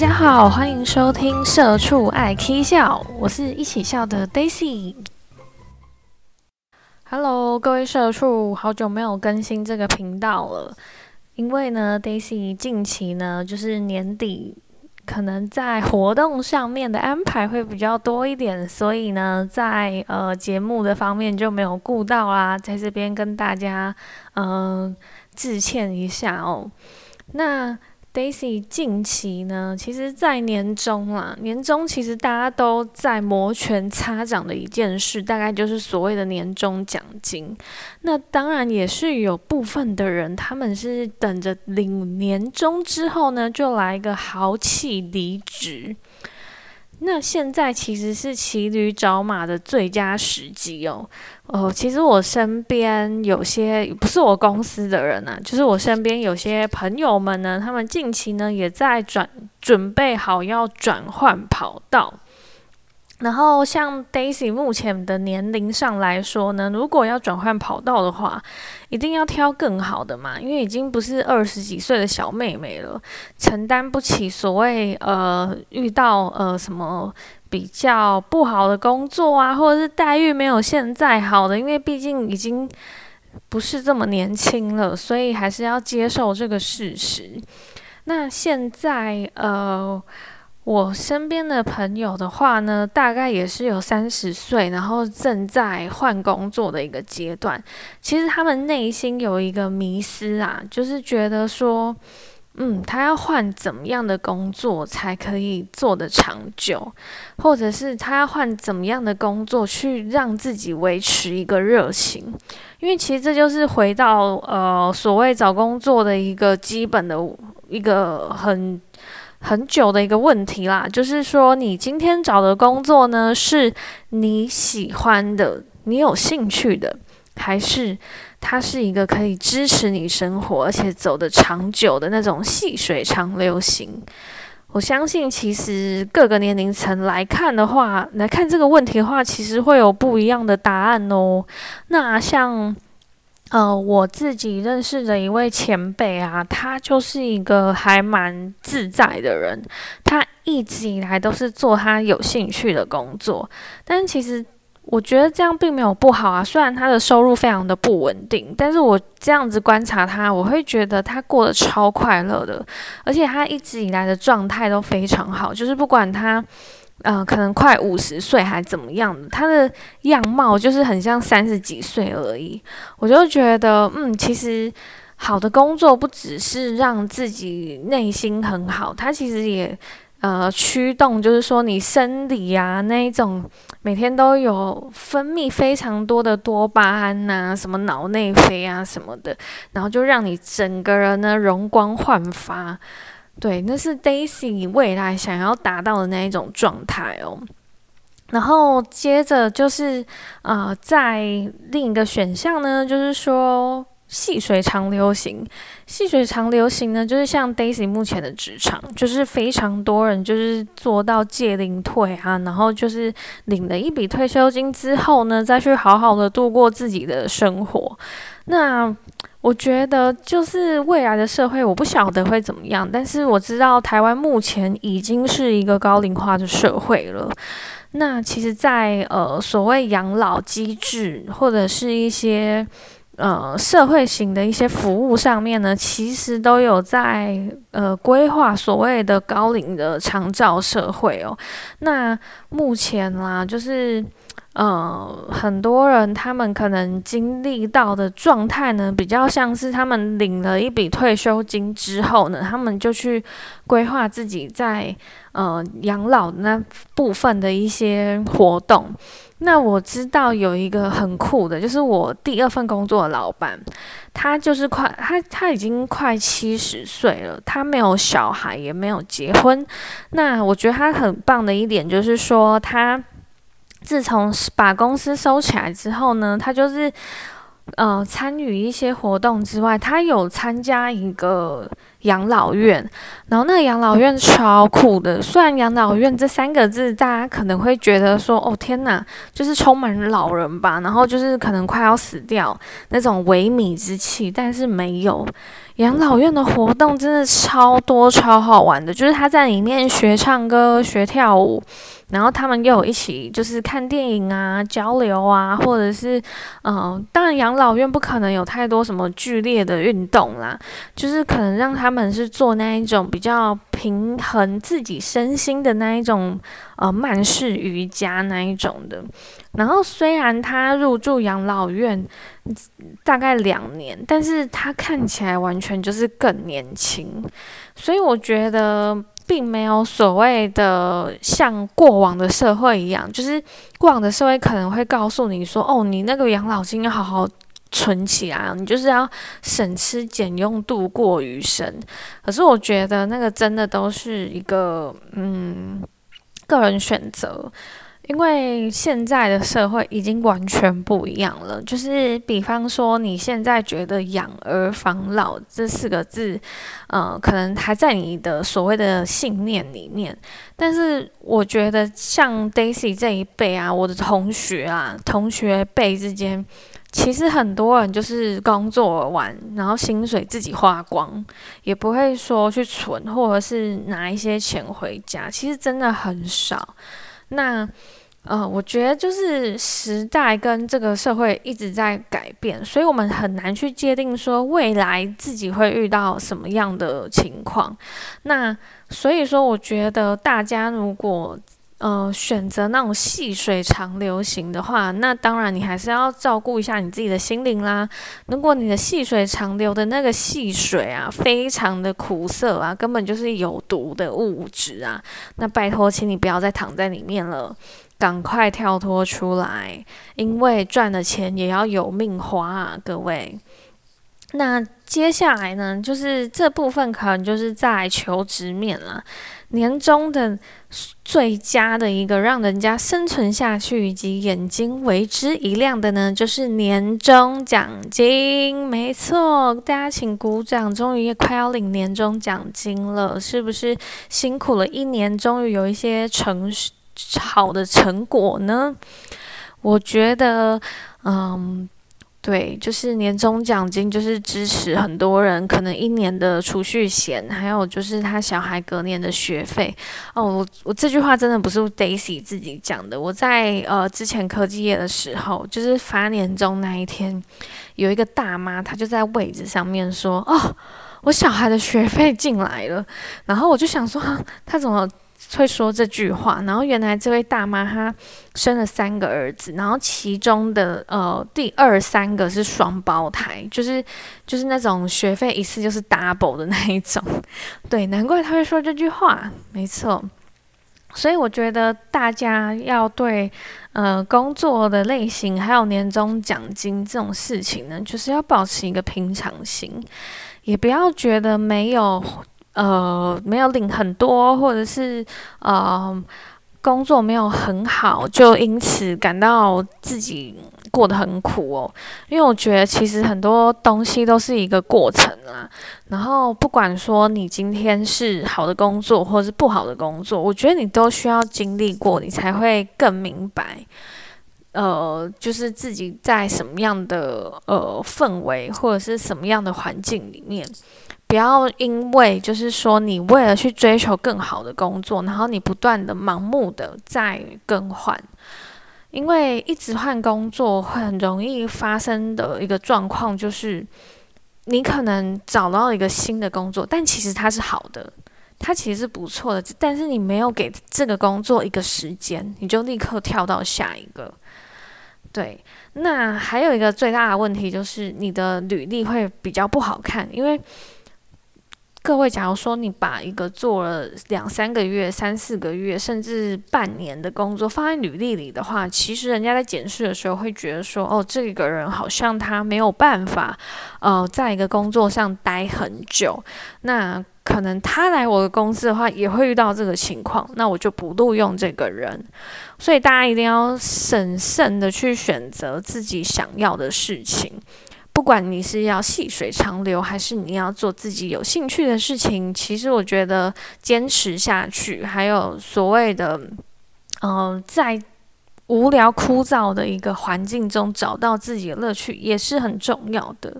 大家好，歡迎收聽《社畜愛 k 笑》，我是一起笑的 Daisy。Hello，各位社畜，好久沒有更新這個頻道了，因為呢，Daisy 近期呢，就是年底可能在活動上面的安排會比較多一點，所以呢，在呃節目的方面就沒有顧到啦、啊，在這邊跟大家嗯、呃、致歉一下哦。那。Daisy 近期呢，其實，在年終啦，年終其實大家都在摩拳擦掌的一件事，大概就是所謂的年終獎金。那當然也是有部分的人，他們是等着領年終之後呢，就來一個豪氣離職。那現在其實是騎驢找馬的最佳時機哦。哦，其實我身邊有些不是我公司的人呢，啊，就是我身邊有些朋友們呢，他們近期呢也在轉，準備好要轉換跑道。然後，像 Daisy 目前的年齡上來說呢，如果要轉換跑道的話，一定要挑更好的嘛，因為已經不是二十幾歲的小妹妹了，承擔不起所謂呃遇到呃什麼比較不好的工作啊，或者是待遇沒有現在好的，因為畢竟已經不是這麼年輕了，所以還是要接受這個事實。那現在呃。我身邊的朋友的話呢，大概也是有三十歲，然後正在換工作的一個階段。其實他們內心有一個迷思啊，就是覺得說，嗯，他要換怎麼樣的工作才可以做得長久，或者是他要換怎麼樣的工作去讓自己維持一個熱情？因為其實這就是回到呃所謂找工作的一個基本的一個很。很久的一個問題啦，就是說，你今天找的工作呢，是你喜歡的、你有興趣的，還是它是一個可以支持你生活而且走得長久的那種細水長流型？我相信，其實各個年齡層來看的話，來看這個問題的話，其實會有不一樣的答案哦。那像。呃，我自己認識的一位前輩啊，他就是一個還蠻自在的人。他一直以來都是做他有興趣的工作，但其實我覺得這樣並沒有不好啊。雖然他的收入非常的不穩定，但是我這樣子觀察他，我會覺得他過得超快樂的，而且他一直以來的狀態都非常好，就是不管他。嗯、呃，可能快五十歲還怎麼樣的，他的樣貌就是很像三十幾歲而已。我就覺得，嗯，其實好的工作不只是讓自己內心很好，他其實也呃驅動，就是說你生理啊那一種每天都有分泌非常多的多巴胺吶、啊，什麼腦內啡啊什麼的，然後就讓你整個人呢容光煥發。對，那是 Daisy 未來想要達到的那一種狀態哦。然後接着就是，啊、呃，在另一個選項呢，就是說細水長流型。細水長流型呢，就是像 Daisy 目前的職場，就是非常多人就是做到屆齡退啊，然後就是領了一筆退休金之後呢，再去好好的度過自己的生活。那我覺得就是未來的社會，我不曉得會怎麼樣，但是我知道台灣目前已經是一個高齡化的社會了。那其實在，在呃所謂養老機制或者是一些呃社會型的一些服務上面呢，其實都有在呃規劃所謂的高齡的長照社會哦。那目前啦，就是。呃，很多人他們可能經歷到的狀態呢，比較像是他們領了一筆退休金之後呢，他們就去規劃自己在呃養老那部分的一些活動。那我知道有一個很酷的，就是我第二份工作的老闆，他就是快，他他已經快七十歲了，他沒有小孩，也沒有結婚。那我覺得他很棒的一點就是說他。自從把公司收起來之後呢，他就是呃參與一些活動之外，他有參加一個養老院，然後那個養老院超酷的。雖然養老院這三個字大家可能會覺得說哦，天哪，就是充滿老人吧，然後就是可能快要死掉那種萎靡之氣，但是沒有。養老院的活動真的超多超好玩的，就是他在裡面學唱歌、學跳舞。然後他們又一起就是看電影啊、交流啊，或者是，嗯、呃，當然養老院不可能有太多什麼劇烈的運動啦，就是可能讓他們是做那一種比較平衡自己身心的那一種，呃，慢式瑜伽那一種的。然後雖然他入住養老院大概兩年，但是他看起來完全就是更年輕，所以我覺得。並沒有所謂的像過往的社會一樣，就是過往的社會可能會告訴你說：“哦，你那個養老金要好好存起來，你就是要省吃儉用度過餘生。”可是我覺得那個真的都是一個嗯個人選擇。因為現在的社會已經完全不一樣了，就是比方說，你現在覺得“養兒防老”這四個字，呃，可能還在你的所謂的信念裡面。但是，我覺得像 Daisy 這一輩啊，我的同學啊，同學輩之間，其實很多人就是工作完，然後薪水自己花光，也不會說去存，或者是拿一些錢回家，其實真的很少。那，呃，我覺得就是時代跟這個社會一直在改變，所以我們很難去界定說未來自己會遇到什麼樣的情況。那所以說，我覺得大家如果呃，選擇那種細水長流型的話，那當然你還是要照顧一下你自己的心靈啦。如果你的細水長流的那個細水啊，非常的苦澀啊，根本就是有毒的物質啊，那拜託，請你不要再躺在裡面了，趕快跳脫出來，因為賺的錢也要有命花啊，各位。那接下來呢，就是這部分可能就是在求職面了。年終的最佳的一個讓人家生存下去以及眼睛為之一亮的呢，就是年終獎金。沒錯，大家請鼓掌，終於也快要領年終獎金了，是不是？辛苦了一年，終於有一些成好的成果呢？我覺得，嗯。對，就是年終獎金，就是支持很多人，可能一年的儲蓄險，還有就是他小孩隔年的學費。哦，我我這句話真的不是 Daisy 自己講的，我在呃之前科技業的時候，就是發年終那一天，有一個大媽，她就在位置上面說：“哦，我小孩的學費進來了。”然後我就想說，她怎麼？會說這句話，然後原來這位大媽她生了三個兒子，然後其中的呃第二三個是雙胞胎，就是就是那種學費一次就是 double 的那一種，對，難怪她會說這句話，沒錯。所以我覺得大家要對呃工作的類型還有年終獎金這種事情呢，就是要保持一個平常心，也不要覺得沒有。呃，沒有領很多，或者是呃，工作沒有很好，就因此感到自己過得很苦哦。因為我覺得其實很多東西都是一個過程啦，然後不管說你今天是好的工作，或者是不好的工作，我覺得你都需要經歷過，你才會更明白。呃，就是自己在什麼樣的呃氛圍或者是什麼樣的環境裡面，不要因為就是說你為了去追求更好的工作，然後你不斷的盲目的在更換，因為一直換工作會很容易發生的一個狀況就是，你可能找到一個新的工作，但其實它是好的。它其實不錯的，但是你沒有給這個工作一個時間，你就立刻跳到下一個。對，那還有一個最大的問題就是你的履歷會比較不好看，因為各位，假如說你把一個做了兩三個月、三四個月，甚至半年的工作放在履歷裡的話，其實人家在檢視的時候會覺得說，哦，這個人好像他沒有辦法，呃，在一個工作上待很久。那可能他來我的公司的話，也會遇到這個情況，那我就不錄用這個人。所以大家一定要審慎的去選擇自己想要的事情。不管你是要細水長流，還是你要做自己有興趣的事情，其實我覺得堅持下去，還有所謂的，嗯、呃，在無聊枯燥的一個環境中找到自己的樂趣，也是很重要的。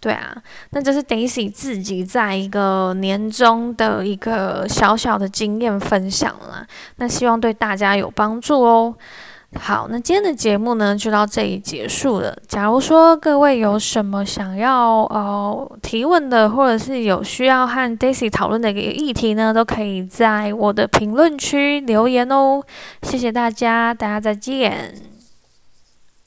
對啊，那就是 Daisy 自己在一個年終的一個小小的經驗分享啦，那希望對大家有幫助哦。好，那今天的節目呢就到這裡結束了。假如說各位有什麼想要呃提問的，或者是有需要和 Daisy 討論的一個議題呢，都可以在我的評論區留言哦。謝謝大家，大家再見。